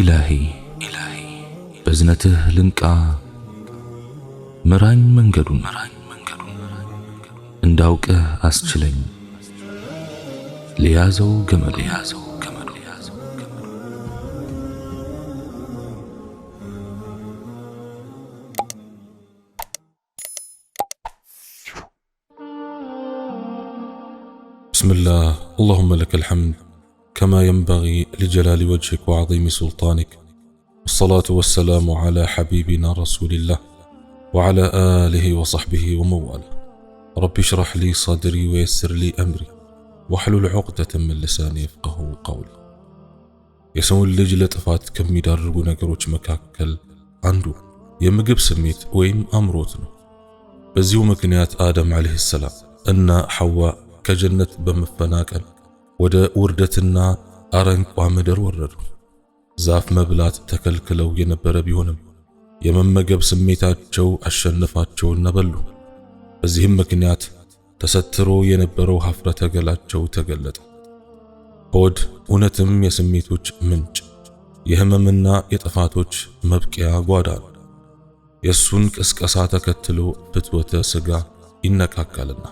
إلهي إلهي بزنته لنكا مران منجدو مران منجدو انداوك أسجلين ليازو جمل ليازو جمل ليازو جمل بسم الله اللهم لك الحمد كما ينبغي لجلال وجهك وعظيم سلطانك والصلاة والسلام على حبيبنا رسول الله وعلى آله وصحبه ومواله رب اشرح لي صدري ويسر لي أمري واحلل عقدة من لساني يفقه قولي የሰውን ልጅ ለጥፋት ከሚዳርጉ ነገሮች መካከል አንዱ የምግብ ስሜት ወይም አምሮት ነው። በዚሁ ምክንያት አደም ዓለይሂ ሰላም እና ሐዋ ከጀነት በመፈናቀል ወደ ውርደትና አረንቋ ምድር ወረዱ። ዛፍ መብላት ተከልክለው የነበረ ቢሆንም የመመገብ ስሜታቸው አሸነፋቸውና በሉ። በዚህም ምክንያት ተሰትሮ የነበረው ሀፍረተ ገላቸው ተገለጠ። ሆድ እውነትም የስሜቶች ምንጭ፣ የህመምና የጥፋቶች መብቂያ ጓዳ ነው። የእሱን ቅስቀሳ ተከትሎ ፍትወተ ሥጋ ይነቃቃልና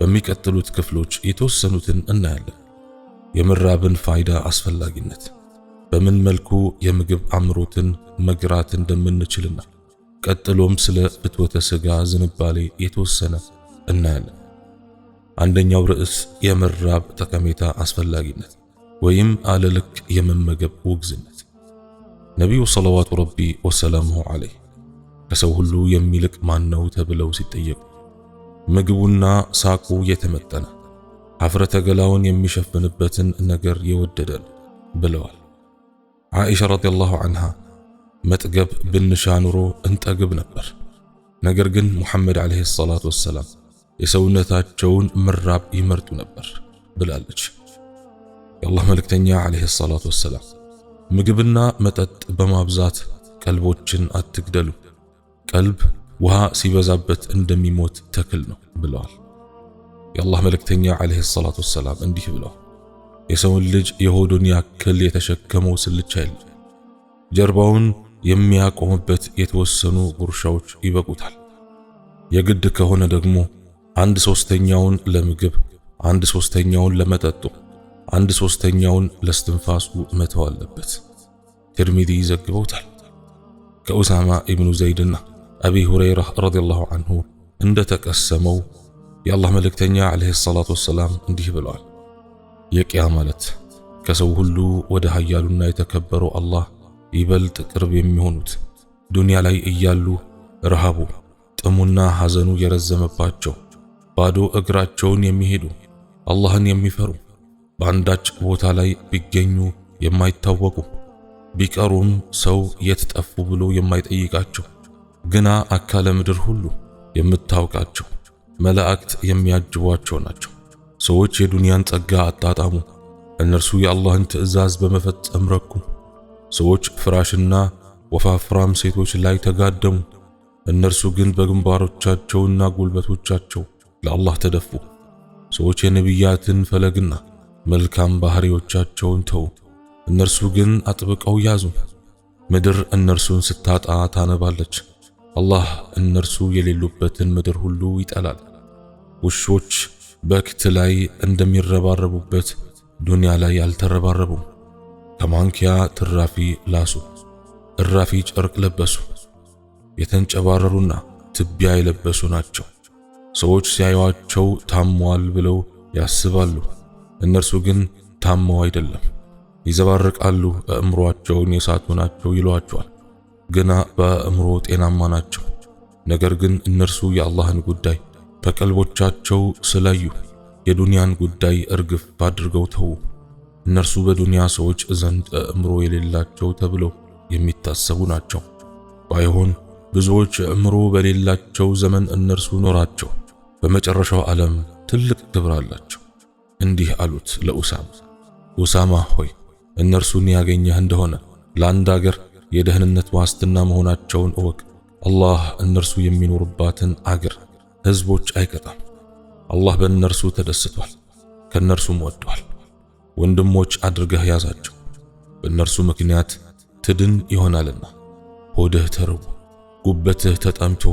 በሚቀጥሉት ክፍሎች የተወሰኑትን እናያለን። የምራብን ፋይዳ አስፈላጊነት፣ በምን መልኩ የምግብ አምሮትን መግራት እንደምንችልና ቀጥሎም ስለ ፍትወተ ሥጋ ዝንባሌ የተወሰነ እናያለን። አንደኛው ርዕስ የምራብ ጠቀሜታ አስፈላጊነት ወይም አለልክ የመመገብ ውግዝነት። ነቢዩ ሰለዋቱ ረቢ ወሰላሙሁ ዓለይህ ከሰው ሁሉ የሚልቅ ማን ነው ተብለው ሲጠየቁ ምግቡና ሳቁ የተመጠነ ሐፍረተ ገላውን የሚሸፍንበትን ነገር የወደደ ነው ብለዋል ዓኢሻ ረዲየላሁ አንሃ። መጥገብ ብንሻ ኑሮ እንጠግብ ነበር። ነገር ግን ሙሐመድ ዓለይሂ ሰላቱ ወሰላም የሰውነታቸውን ምራብ ይመርጡ ነበር ብላለች። የአላህ መልእክተኛ ዓለይሂ ሰላቱ ወሰላም ምግብና መጠጥ በማብዛት ቀልቦችን አትግደሉ፣ ቀልብ ውሃ ሲበዛበት እንደሚሞት ተክል ነው ብለዋል። የአላህ መልእክተኛ ዓለይሂ ሰላቱ ወሰላም እንዲህ ብለዋል፣ የሰውን ልጅ የሆዱን ያክል የተሸከመው ስልቻ የለም። ጀርባውን የሚያቆምበት የተወሰኑ ጉርሻዎች ይበቁታል። የግድ ከሆነ ደግሞ አንድ ሶስተኛውን ለምግብ፣ አንድ ሶስተኛውን ለመጠጡ፣ አንድ ሶስተኛውን ለስትንፋሱ መተው አለበት። ትርሚዚ ይዘግበውታል ከኡሳማ ኢብኑ ዘይድና አቢ ሁረይራ ረዲየላሁ አንሁ እንደተቀሰመው የአላህ መልእክተኛ ዓለይሂ ሰላቱ ወሰላም እንዲህ ብለዋል። የቂያማ ማለት ከሰው ሁሉ ወደ ሀያሉና የተከበረው አላህ ይበልጥ ቅርብ የሚሆኑት ዱንያ ላይ እያሉ ረሃቡ፣ ጥሙና ሐዘኑ የረዘመባቸው ባዶ እግራቸውን የሚሄዱ አላህን የሚፈሩ በአንዳች ቦታ ላይ ቢገኙ የማይታወቁ ቢቀሩም ሰው የት ጠፉ ብሎ የማይጠይቃቸው ግና አካለ ምድር ሁሉ የምታውቃቸው መላእክት የሚያጅቧቸው ናቸው። ሰዎች የዱንያን ጸጋ አጣጣሙ፣ እነርሱ የአላህን ትዕዛዝ በመፈጸም ረኩ። ሰዎች ፍራሽና ወፋፍራም ሴቶች ላይ ተጋደሙ፣ እነርሱ ግን በግንባሮቻቸውና ጉልበቶቻቸው ለአላህ ተደፉ። ሰዎች የነቢያትን ፈለግና መልካም ባህሪዎቻቸውን ተዉ፣ እነርሱ ግን አጥብቀው ያዙ። ምድር እነርሱን ስታጣ ታነባለች። አላህ እነርሱ የሌሉበትን ምድር ሁሉ ይጠላል። ውሾች በክት ላይ እንደሚረባረቡበት ዱንያ ላይ አልተረባረቡም። ከማንኪያ ትራፊ ላሱ፣ እራፊ ጨርቅ ለበሱ፣ የተንጨባረሩና ትቢያ የለበሱ ናቸው። ሰዎች ሲያዩዋቸው ታመዋል ብለው ያስባሉ። እነርሱ ግን ታመው አይደለም፣ ይዘባርቃሉ፣ አእምሯቸውን የሳቱ ናቸው ይሏቸዋል። ገና በአእምሮ ጤናማ ናቸው። ነገር ግን እነርሱ የአላህን ጉዳይ በቀልቦቻቸው ስለዩ የዱንያን ጉዳይ እርግፍ አድርገው ተዉ። እነርሱ በዱንያ ሰዎች ዘንድ አእምሮ የሌላቸው ተብለው የሚታሰቡ ናቸው። ባይሆን ብዙዎች አእምሮ በሌላቸው ዘመን እነርሱ ኖራቸው በመጨረሻው ዓለም ትልቅ ክብር አላቸው። እንዲህ አሉት ለኡሳማ፣ ኡሳማ ሆይ እነርሱን ያገኘህ እንደሆነ ለአንድ አገር የደህንነት ዋስትና መሆናቸውን እወቅ። አላህ እነርሱ የሚኖሩባትን አገር ህዝቦች አይቀጣም። አላህ በእነርሱ ተደስቷል፣ ከእነርሱም ወዷል። ወንድሞች አድርገህ ያዛቸው፣ በእነርሱ ምክንያት ትድን ይሆናልና። ሆድህ ተርቦ ጉበትህ ተጠምቶ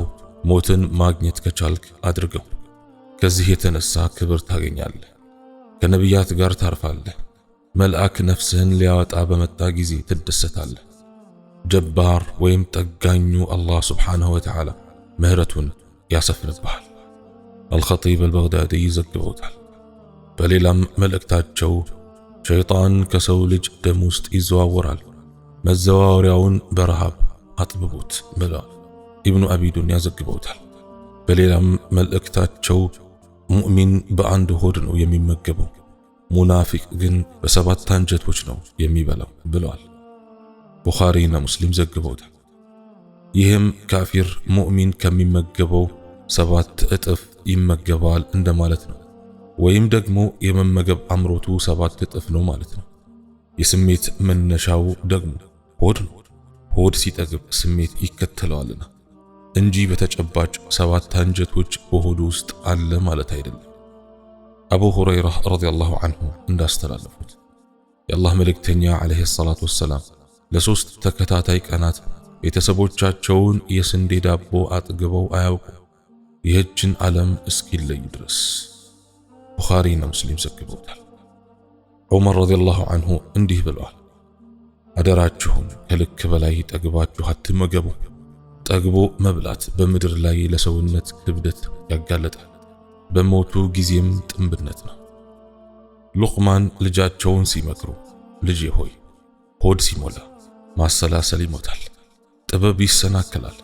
ሞትን ማግኘት ከቻልክ አድርገው። ከዚህ የተነሳ ክብር ታገኛለህ፣ ከነቢያት ጋር ታርፋለህ። መልአክ ነፍስህን ሊያወጣ በመጣ ጊዜ ትደሰታለህ። ጀባር ወይም ጠጋኙ አላህ ስብሓንሁ ወተዓላ ምህረቱን ያሰፍንብሃል። አልኸጢብ አልበግዳዲ ይዘግበውታል። በሌላም መልእክታቸው ሸይጣን ከሰው ልጅ ደም ውስጥ ይዘዋወራል፣ መዘዋወሪያውን በረሃብ አጥብቡት ብለዋል። ኢብኑ አቢ ዱንያ ዘግበውታል። በሌላም መልእክታቸው ሙእሚን በአንድ ሆድ ነው የሚመገበው፣ ሙናፊቅ ግን በሰባት አንጀቶች ነው የሚበላው ብለዋል። ቡኻሪና ሙስሊም ዘግበውታል። ይህም ካፊር ሙእሚን ከሚመገበው ሰባት እጥፍ ይመገባል እንደማለት ነው። ወይም ደግሞ የመመገብ አምሮቱ ሰባት እጥፍ ነው ማለት ነው። የስሜት መነሻው ደግሞ ሆድ ነው። ሆድ ሲጠግብ ስሜት ይከተለዋልና እንጂ በተጨባጭ ሰባት አንጀቶች በሆዱ ውስጥ አለ ማለት አይደለም። አቡ ሁረይራ ረዲየላሁ አንሁ እንዳስተላለፉት የአላህ መልእክተኛ ዓለይሂ ሰላቱ ወሰላም ለሶስት ተከታታይ ቀናት ቤተሰቦቻቸውን የስንዴ ዳቦ አጥግበው አያውቁ ይህችን ዓለም እስኪለዩ ድረስ ቡኻሪና ሙስሊም ዘግበውታል። ዑመር ረዲየላሁ አንሁ እንዲህ ብለዋል፣ አደራችሁን ከልክ በላይ ጠግባችሁ አትመገቡ። ጠግቦ መብላት በምድር ላይ ለሰውነት ክብደት ያጋለጣል፣ በሞቱ ጊዜም ጥንብነት ነው። ሉቅማን ልጃቸውን ሲመክሩ ልጄ ሆይ ሆድ ሲሞላ ማሰላሰል ይሞታል፣ ጥበብ ይሰናከላል፣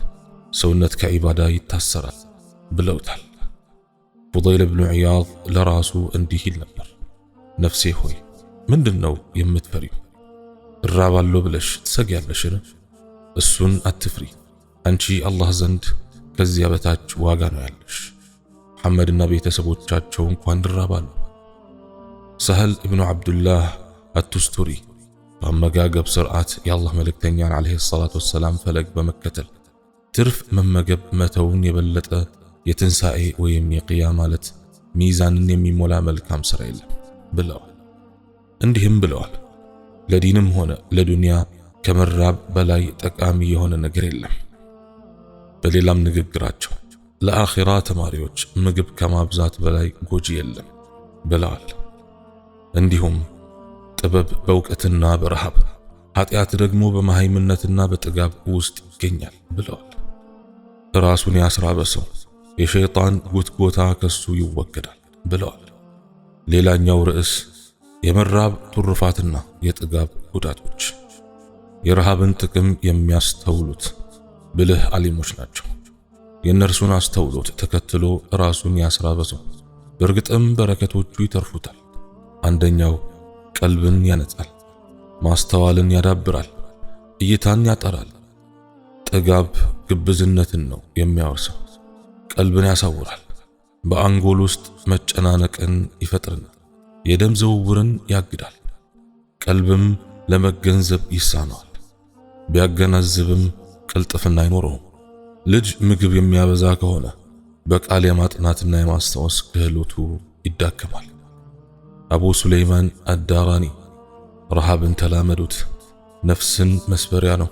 ሰውነት ከዒባዳ ይታሰራል ብለውታል። ፉደይል ብኑ ዒያድ ለራሱ እንዲህ ይል ነበር፣ ነፍሴ ሆይ ምንድን ነው የምትፈሪው? እራባለሁ ብለሽ ትሰጊያለሽን? እሱን አትፍሪ፣ አንቺ አላህ ዘንድ ከዚያ በታች ዋጋ ነው ያለሽ። መሐመድና ቤተሰቦቻቸው እንኳን ይራባሉ። ሰህል ኢብኑ ዓብዱላህ አቱስቱሪ በአመጋገብ ስርዓት የአላህ መልእክተኛን ዓለይሂ ሰላቱ ወሰላም ፈለግ በመከተል ትርፍ መመገብ መተውን የበለጠ የትንሣኤ ወይም የቅያ ማለት ሚዛንን የሚሞላ መልካም ሥራ የለም ብለዋል። እንዲህም ብለዋል፣ ለዲንም ሆነ ለዱንያ ከመራብ በላይ ጠቃሚ የሆነ ነገር የለም። በሌላም ንግግራቸው ለአኺራ ተማሪዎች ምግብ ከማብዛት በላይ ጎጂ የለም ብለዋል። እንዲሁም ጥበብ በእውቀትና በረሃብ ኃጢአት ደግሞ በመሃይምነትና በጥጋብ ውስጥ ይገኛል ብለዋል። ራሱን ያስራበ ሰው የሸይጣን ጉትጎታ ከሱ ይወገዳል ብለዋል። ሌላኛው ርዕስ የመራብ ቱርፋትና የጥጋብ ጉዳቶች። የረሃብን ጥቅም የሚያስተውሉት ብልህ አሊሞች ናቸው። የእነርሱን አስተውሎት ተከትሎ ራሱን ያስራበ ሰው በእርግጥም በረከቶቹ ይተርፉታል። አንደኛው ቀልብን ያነጻል፣ ማስተዋልን ያዳብራል፣ እይታን ያጠራል። ጥጋብ ግብዝነትን ነው የሚያወርሰው። ቀልብን ያሳውራል፣ በአንጎል ውስጥ መጨናነቅን ይፈጥርናል፣ የደም ዝውውርን ያግዳል። ቀልብም ለመገንዘብ ይሳነዋል፣ ቢያገናዝብም ቅልጥፍና አይኖረውም። ልጅ ምግብ የሚያበዛ ከሆነ በቃል የማጥናትና የማስታወስ ክህሎቱ ይዳከማል። أبو سليمان الداراني رهاب انت لامدوت نفس مسبر يانو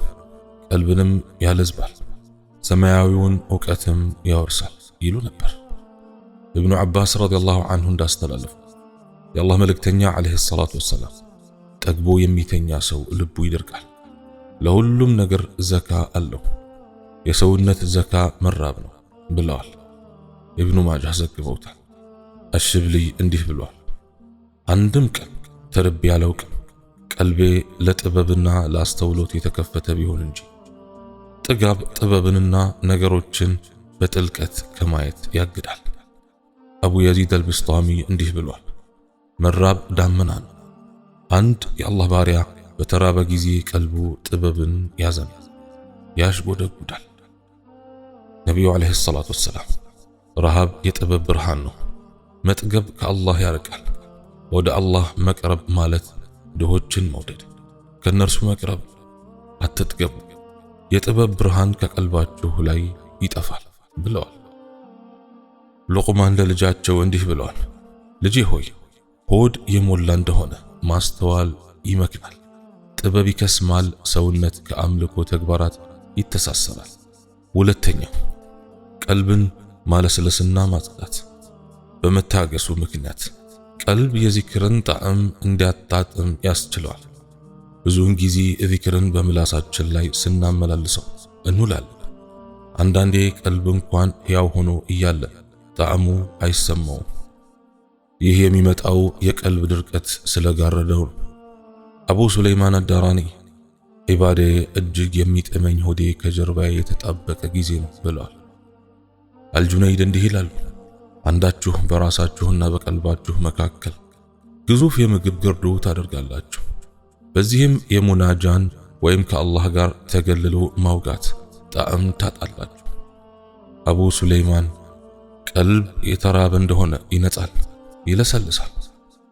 قلبنم يالزبال سماعيون يا يارسل يلو نبر ابن عباس رضي الله عنه داست الألف يا الله ملك تنيا عليه الصلاة والسلام تقبو يمي تنيا سو لبو يدرقال اللوم نقر زكاء اللو يسو النت من رابنا بالله ابن ماجه زكبوتا الشبلي اندي في بالوال አንድም ቀን ተርቤ አላውቅም፣ ቀልቤ ለጥበብና ለአስተውሎት የተከፈተ ቢሆን እንጂ። ጥጋብ ጥበብንና ነገሮችን በጥልቀት ከማየት ያግዳል። አቡ የዚድ አልቢስጣሚ እንዲህ ብሏል፣ መራብ ዳመና ነው። አንድ የአላህ ባሪያ በተራበ ጊዜ ቀልቡ ጥበብን ያዘናል፣ ያሽጎደጉዳል። ነቢዩ ዓለይሂ ሰላቱ ወሰላም ረሃብ የጥበብ ብርሃን ነው። መጥገብ ከአላህ ያርቃል፣ ወደ አላህ መቅረብ ማለት ድሆችን መውደድ፣ ከእነርሱ መቅረብ። አትጥገቡ፣ የጥበብ ብርሃን ከቀልባችሁ ላይ ይጠፋል ብለዋል። ሉቅማን ለልጃቸው እንዲህ ብለዋል፣ ልጄ ሆይ ሆድ የሞላ እንደሆነ ማስተዋል ይመክናል፣ ጥበብ ይከስማል፣ ሰውነት ከአምልኮ ተግባራት ይተሳሰራል። ሁለተኛው ቀልብን ማለስለስና ማጽዳት በመታገሱ ምክንያት ቀልብ የዚክርን ጣዕም እንዲያጣጥም ያስችለዋል። ብዙውን ጊዜ ዚክርን በምላሳችን ላይ ስናመላልሰው እንውላለን። አንዳንዴ ቀልብ እንኳን ሕያው ሆኖ እያለ ጣዕሙ አይሰማውም። ይህ የሚመጣው የቀልብ ድርቀት ስለጋረደው ነው። አቡ ሱለይማን አዳራኒ ኢባዴ እጅግ የሚጥመኝ ሆዴ ከጀርባዬ የተጣበቀ ጊዜ ነው ብለዋል። አልጁነይድ እንዲህ ይላሉ አንዳችሁ በራሳችሁና በቀልባችሁ መካከል ግዙፍ የምግብ ግርዱ ታደርጋላችሁ። በዚህም የሙናጃን ወይም ከአላህ ጋር ተገልሎ ማውጋት ጣዕም ታጣላችሁ። አቡ ሱለይማን ቀልብ የተራበ እንደሆነ ይነጻል፣ ይለሰልሳል።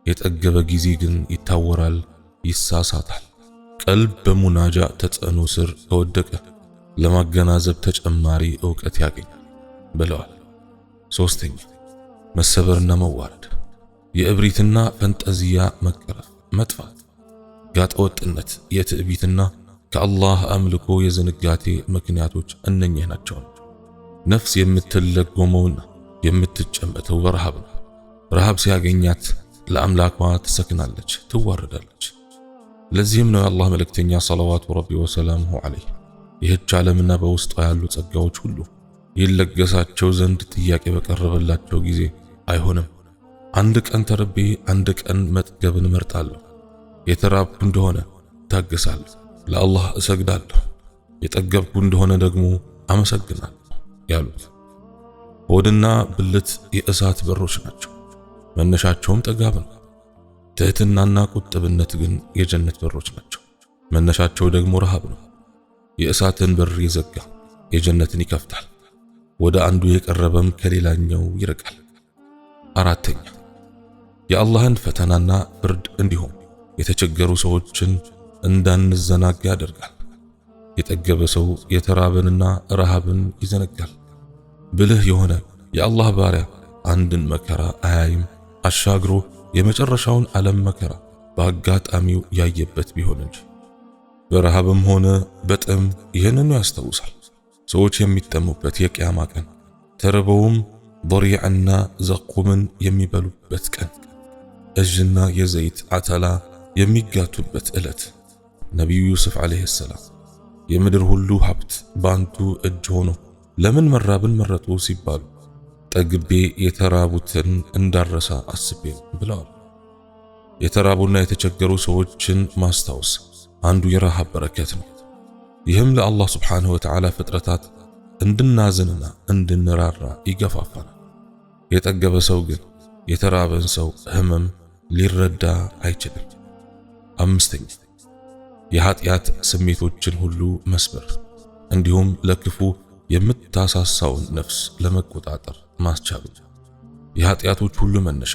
የጠገበ ጊዜ ግን ይታወራል፣ ይሳሳታል። ቀልብ በሙናጃ ተጽዕኖ ስር ከወደቀ ለማገናዘብ ተጨማሪ ዕውቀት ያገኛል ብለዋል። ሶስተኛ መሰበርና መዋረድ፣ የእብሪትና ፈንጠዚያ መቀረፍ፣ መጥፋት፣ ጋጠወጥነት፣ የትዕቢትና ከአላህ አምልኮ የዝንጋቴ ምክንያቶች እነኚህ ናቸው። ነፍስ የምትለጎመውና የምትጨመተው በረሃብ ነው። ረሃብ ሲያገኛት ለአምላኳ ትሰክናለች፣ ትዋረዳለች። ለዚህም ነው የአላህ መልእክተኛ ሰለዋቱ ረቢ ወሰላሙሁ ዐለይህ ይህች ዓለምና በውስጧ ያሉ ጸጋዎች ሁሉ ይለገሳቸው ዘንድ ጥያቄ በቀረበላቸው ጊዜ አይሆንም። አንድ ቀን ተርቤ አንድ ቀን መጥገብን እመርጣለሁ። የተራብኩ እንደሆነ እታገሳለሁ፣ ለአላህ እሰግዳለሁ፣ የጠገብኩ እንደሆነ ደግሞ አመሰግናለሁ ያሉት ሆድና ብልት የእሳት በሮች ናቸው። መነሻቸውም ጥጋብ ነው። ትህትናና ቁጥብነት ግን የጀነት በሮች ናቸው። መነሻቸው ደግሞ ረሃብ ነው። የእሳትን በር የዘጋ የጀነትን ይከፍታል። ወደ አንዱ የቀረበም ከሌላኛው ይርቃል። አራተኛ የአላህን ፈተናና ፍርድ እንዲሁም የተቸገሩ ሰዎችን እንዳንዘናጋ ያደርጋል። የጠገበ ሰው የተራብንና ረሃብን ይዘነጋል። ብልህ የሆነ የአላህ ባሪያ አንድን መከራ አያይም። አሻግሮ የመጨረሻውን ዓለም መከራ በአጋጣሚው ያየበት ቢሆን እንጂ በረሃብም ሆነ በጥም ይህንኑ ያስታውሳል። ሰዎች የሚጠሙበት የቅያማ ቀን ተርበውም ቦሪዕና ዘቁምን የሚበሉበት ቀን፣ እጅና የዘይት አተላ የሚጋቱበት ዕለት። ነቢዩ ዩስፍ ዓለይሂ ሰላም የምድር ሁሉ ሀብት ባንቱ እጅ ሆኖ ለምን መራብን መረጡ ሲባሉ ጠግቤ የተራቡትን እንዳረሳ አስቤ ብለዋል። የተራቡና የተቸገሩ ሰዎችን ማስታወስ አንዱ የረሃብ በረከት ነው። ይህም ለአላህ ሱብሓነሁ ወተዓላ ፍጥረታት እንድናዝንና እንድንራራ ይገፋፋናል። የጠገበ ሰው ግን የተራበን ሰው ህመም ሊረዳ አይችልም። አምስተኛ የኃጢአት ስሜቶችን ሁሉ መስበር እንዲሁም ለክፉ የምታሳሳውን ነፍስ ለመቆጣጠር ማስቻሉ። የኃጢአቶች ሁሉ መነሻ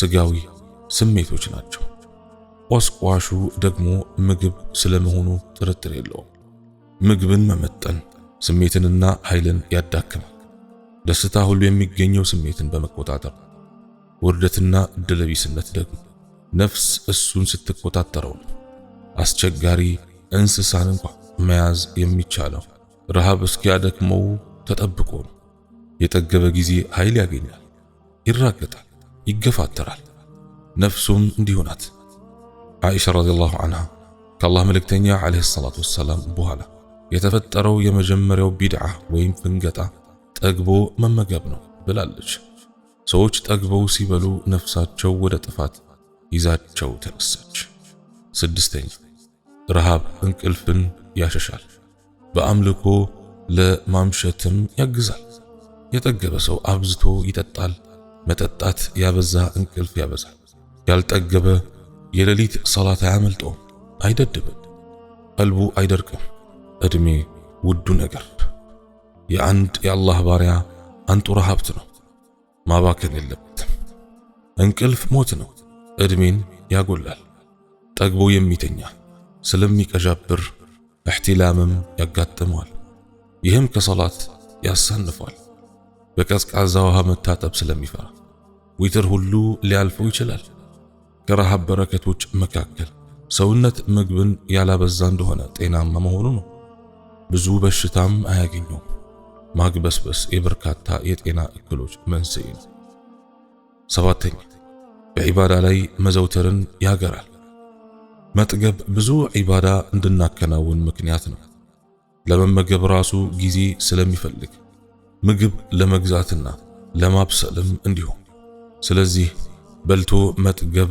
ስጋዊ ስሜቶች ናቸው። ቆስቋሹ ደግሞ ምግብ ስለመሆኑ ጥርጥር የለውም። ምግብን መመጠን ስሜትንና ኃይልን ያዳክማል። ደስታ ሁሉ የሚገኘው ስሜትን በመቆጣጠር ውርደትና ድለቢስነት ደግሞ ነፍስ እሱን ስትቆጣጠረው ነው። አስቸጋሪ እንስሳን እንኳ መያዝ የሚቻለው ረሃብ እስኪያደክመው ተጠብቆ ነው። የጠገበ ጊዜ ኃይል ያገኛል፣ ይራገጣል፣ ይገፋተራል። ነፍሱም እንዲሁ ናት። ዓኢሻ ረዲየላሁ ዐንሃ ከአላህ መልእክተኛ ዓለይሂ ሰላቱ ወሰላም በኋላ የተፈጠረው የመጀመሪያው ቢድዓ ወይም ፍንገጣ ጠግቦ መመገብ ነው ብላለች። ሰዎች ጠግበው ሲበሉ ነፍሳቸው ወደ ጥፋት ይዛቸው ተነሳች። ስድስተኛ ረሃብ እንቅልፍን ያሸሻል፣ በአምልኮ ለማምሸትም ያግዛል። የጠገበ ሰው አብዝቶ ይጠጣል። መጠጣት ያበዛ እንቅልፍ ያበዛል። ያልጠገበ የሌሊት ሰላት አያመልጠውም፣ አይደድብም፣ ቀልቡ አይደርቅም። እድሜ ውዱ ነገር የአንድ የአላህ ባሪያ አንጡራ ሀብት ነው። ማባከን የለበትም። እንቅልፍ ሞት ነው። እድሜን ያጎላል። ጠግቦ የሚተኛ ስለሚቀዣብር እሕትላምም ያጋጥመዋል። ይህም ከሰላት ያሳንፏል። በቀዝቃዛ ውሃ መታጠብ ስለሚፈራ ዊትር ሁሉ ሊያልፈው ይችላል። ከረሃብ በረከቶች መካከል ሰውነት ምግብን ያላበዛ እንደሆነ ጤናማ መሆኑ ነው። ብዙ በሽታም አያገኘውም። ማግበስበስ የበርካታ የጤና እክሎች መንስኤ ነው። ሰባተኛ በዒባዳ ላይ መዘውተርን ያገራል። መጥገብ ብዙ ዒባዳ እንድናከናውን ምክንያት ነው። ለመመገብ ራሱ ጊዜ ስለሚፈልግ ምግብ ለመግዛትና ለማብሰልም እንዲሁም። ስለዚህ በልቶ መጥገብ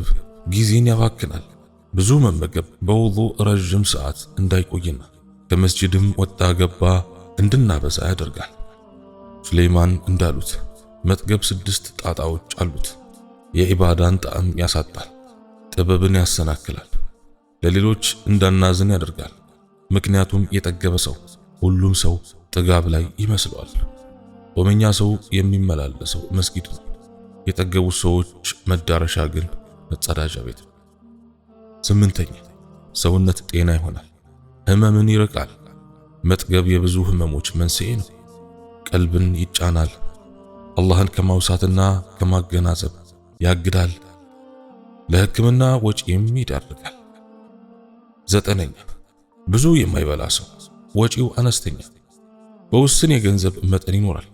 ጊዜን ያባክናል። ብዙ መመገብ በውዱእ ረዥም ሰዓት እንዳይቆይና ከመስጂድም ወጣ ገባ እንድናበዛ ያደርጋል። ሱሌይማን እንዳሉት መጥገብ ስድስት ጣጣዎች አሉት። የኢባዳን ጣዕም ያሳጣል፣ ጥበብን ያሰናክላል፣ ለሌሎች እንዳናዝን ያደርጋል። ምክንያቱም የጠገበ ሰው ሁሉም ሰው ጥጋብ ላይ ይመስለዋል። ጦመኛ ሰው የሚመላለሰው መስጊድ ነው። የጠገቡት ሰዎች መዳረሻ ግን መጸዳጃ ቤት ነው። ስምንተኛ ሰውነት ጤና ይሆናል። ህመምን ይርቃል። መጥገብ የብዙ ህመሞች መንስኤ ነው። ቀልብን ይጫናል። አላህን ከማውሳትና ከማገናዘብ ያግዳል። ለህክምና ወጪም ይዳርጋል። ዘጠነኛ ብዙ የማይበላ ሰው ወጪው አነስተኛ በውስን የገንዘብ መጠን ይኖራል።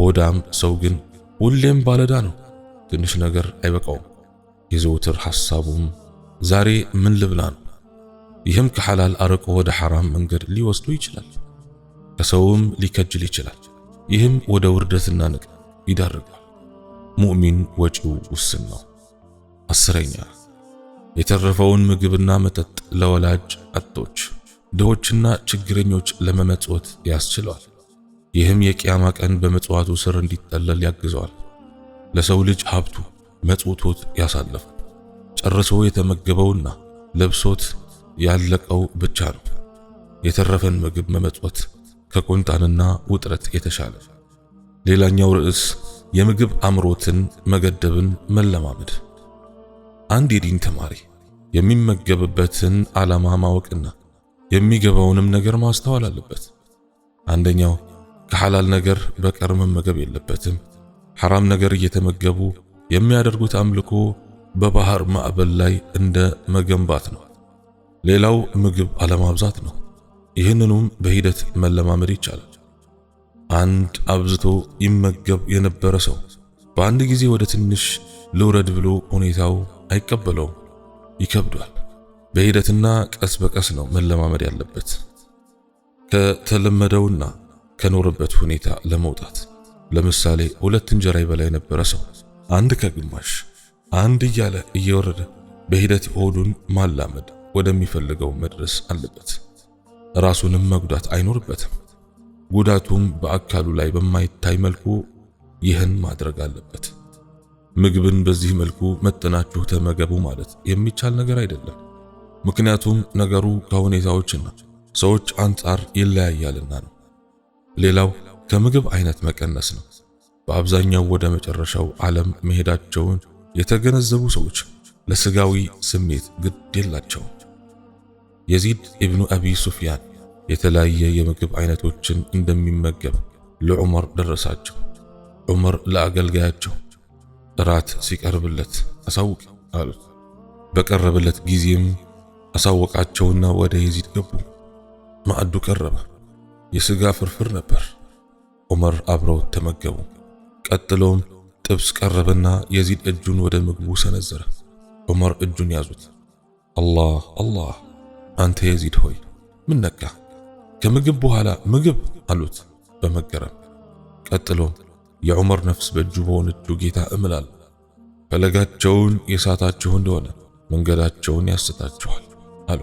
ሆዳም ሰው ግን ሁሌም ባለዳ ነው። ትንሽ ነገር አይበቃውም። የዘውትር ሐሳቡም ዛሬ ምን ልብላ ነው። ይህም ከሐላል አርቆ ወደ ሐራም መንገድ ሊወስዱ ይችላል። ከሰውም ሊከጅል ይችላል። ይህም ወደ ውርደትና ንቅ ይዳርጋል። ሙእሚን ወጪው ውስን ነው። አስረኛ የተረፈውን ምግብና መጠጥ ለወላጅ አጦች፣ ድሆችና ችግረኞች ለመመጽወት ያስችለዋል። ይህም የቅያማ ቀን በመጽዋቱ ስር እንዲጠለል ያግዘዋል። ለሰው ልጅ ሀብቱ መጽውቶት ያሳለፈ ጨርሶ የተመገበውና ለብሶት ያለቀው ብቻ ነው። የተረፈን ምግብ መመጾት ከቁንጣንና ውጥረት የተሻለ። ሌላኛው ርዕስ የምግብ አምሮትን መገደብን መለማመድ። አንድ የዲን ተማሪ የሚመገብበትን ዓላማ ማወቅና የሚገባውንም ነገር ማስተዋል አለበት። አንደኛው ከሐላል ነገር በቀር መመገብ የለበትም። ሐራም ነገር እየተመገቡ የሚያደርጉት አምልኮ በባህር ማዕበል ላይ እንደ መገንባት ነው። ሌላው ምግብ አለማብዛት ነው። ይህንኑም በሂደት መለማመድ ይቻላል። አንድ አብዝቶ ይመገብ የነበረ ሰው በአንድ ጊዜ ወደ ትንሽ ልውረድ ብሎ ሁኔታው አይቀበለውም፣ ይከብዷል። በሂደትና ቀስ በቀስ ነው መለማመድ ያለበት። ከተለመደውና ከኖረበት ሁኔታ ለመውጣት ለምሳሌ ሁለት እንጀራ ይበላ የነበረ ሰው አንድ ከግማሽ አንድ እያለ እየወረደ በሂደት ሆዱን ማላመድ ወደሚፈልገው መድረስ አለበት። ራሱንም መጉዳት አይኖርበትም። ጉዳቱም በአካሉ ላይ በማይታይ መልኩ ይህን ማድረግ አለበት። ምግብን በዚህ መልኩ መጠናችሁ ተመገቡ ማለት የሚቻል ነገር አይደለም። ምክንያቱም ነገሩ ከሁኔታዎችና ሰዎች አንጻር ይለያያልና ነው። ሌላው ከምግብ አይነት መቀነስ ነው። በአብዛኛው ወደ መጨረሻው ዓለም መሄዳቸውን የተገነዘቡ ሰዎች ለስጋዊ ስሜት ግድ የላቸውም። የዚድ ኢብኑ አቢ ሱፊያን የተለያየ የምግብ አይነቶችን እንደሚመገብ ለዑመር ደረሳቸው። ዑመር ለአገልጋያቸው እራት ሲቀርብለት አሳውቅ አሉት። በቀረበለት ጊዜም አሳወቃቸውና ወደ የዚድ ገቡ። ማዕዱ ቀረበ። የሥጋ ፍርፍር ነበር። ዑመር አብረው ተመገቡ። ቀጥሎም ጥብስ ቀረበና የዚድ እጁን ወደ ምግቡ ሰነዘረ። ዑመር እጁን ያዙት። አላህ አላህ አንተ የዚድ ሆይ ምን ነካ? ከምግብ በኋላ ምግብ አሉት በመገረም ቀጥሎም የዑመር ነፍስ በእጁ በሆነችው ጌታ እምላል ፈለጋቸውን የሳታችሁ እንደሆነ መንገዳቸውን ያስታችኋል አሉ።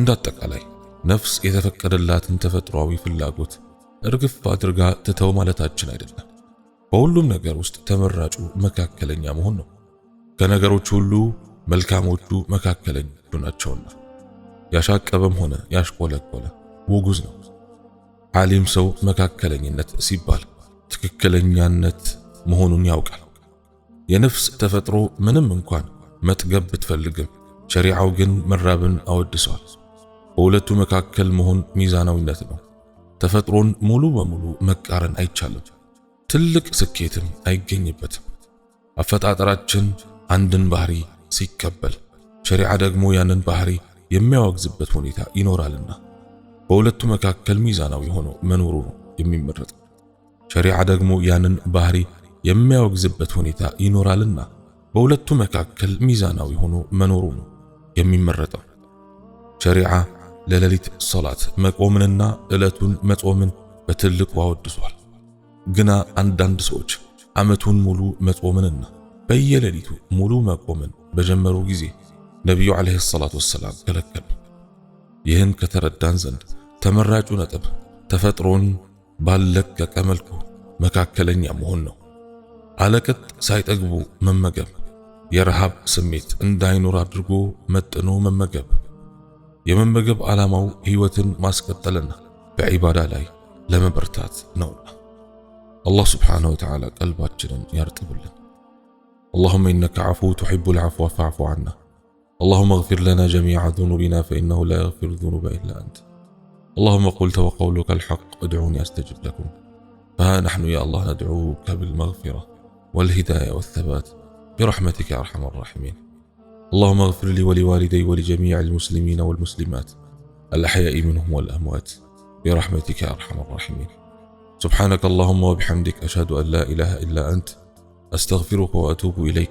እንዳጠቃላይ ነፍስ የተፈቀደላትን ተፈጥሯዊ ፍላጎት እርግፍ አድርጋ ትተው ማለታችን አይደለም። በሁሉም ነገር ውስጥ ተመራጩ መካከለኛ መሆን ነው። ከነገሮች ሁሉ መልካሞቹ መካከለኞቹ ናቸውና ያሻቀበም ሆነ ያሽቆለቆለ ውጉዝ ነው። ዓሊም ሰው መካከለኝነት ሲባል ትክክለኛነት መሆኑን ያውቃል። የነፍስ ተፈጥሮ ምንም እንኳን መጥገብ ብትፈልግም፣ ሸሪዓው ግን መራብን አወድሷል። በሁለቱ መካከል መሆን ሚዛናዊነት ነው። ተፈጥሮን ሙሉ በሙሉ መቃረን አይቻልም፣ ትልቅ ስኬትም አይገኝበትም። አፈጣጠራችን አንድን ባህሪ ሲቀበል፣ ሸሪዓ ደግሞ ያንን ባህሪ የሚያወግዝበት ሁኔታ ይኖራልና በሁለቱ መካከል ሚዛናዊ ሆኖ መኖሩ ነው የሚመረጥ። ሸሪዓ ደግሞ ያንን ባህሪ የሚያወግዝበት ሁኔታ ይኖራልና በሁለቱ መካከል ሚዛናዊ ሆኖ መኖሩ ነው የሚመረጠው። ሸሪዓ ለሌሊት ሶላት መቆምንና ዕለቱን መጾምን በትልቁ አወድሷል። ግና አንዳንድ ሰዎች ዓመቱን ሙሉ መጾምንና በየሌሊቱ ሙሉ መቆምን በጀመሩ ጊዜ ነቢዩ ዓለይሂ ሰላቱ ወሰላም ከለከሉ። ይህን ከተረዳን ዘንድ ተመራጩ ነጥብ ተፈጥሮን ባለቀቀ መልኩ መካከለኛ መሆን ነው። አለቅጥ ሳይጠግቡ መመገብ፣ የረሃብ ስሜት እንዳይኖር አድርጎ መጥኖ መመገብ። የመመገብ ዓላማው ሕይወትን ማስቀጠልና በዒባዳ ላይ ለመበርታት ነውና አላህ ስብሓነሁ ወተዓላ ቀልባችንን ያርጥብልን። አላሁመ ኢነከ ዐፉው ቱሒቡል ዐፍወ ፈዕፉ ዐና اللهم اغفر لنا جميع ذنوبنا فإنه لا يغفر الذنوب إلا أنت اللهم قلت وقولك الحق ادعوني أستجب لكم فها نحن يا الله ندعوك بالمغفرة والهداية والثبات برحمتك يا أرحم الراحمين اللهم اغفر لي ولوالدي ولجميع المسلمين والمسلمات الأحياء منهم والأموات برحمتك يا أرحم الراحمين سبحانك اللهم وبحمدك أشهد أن لا إله إلا أنت أستغفرك وأتوب إليك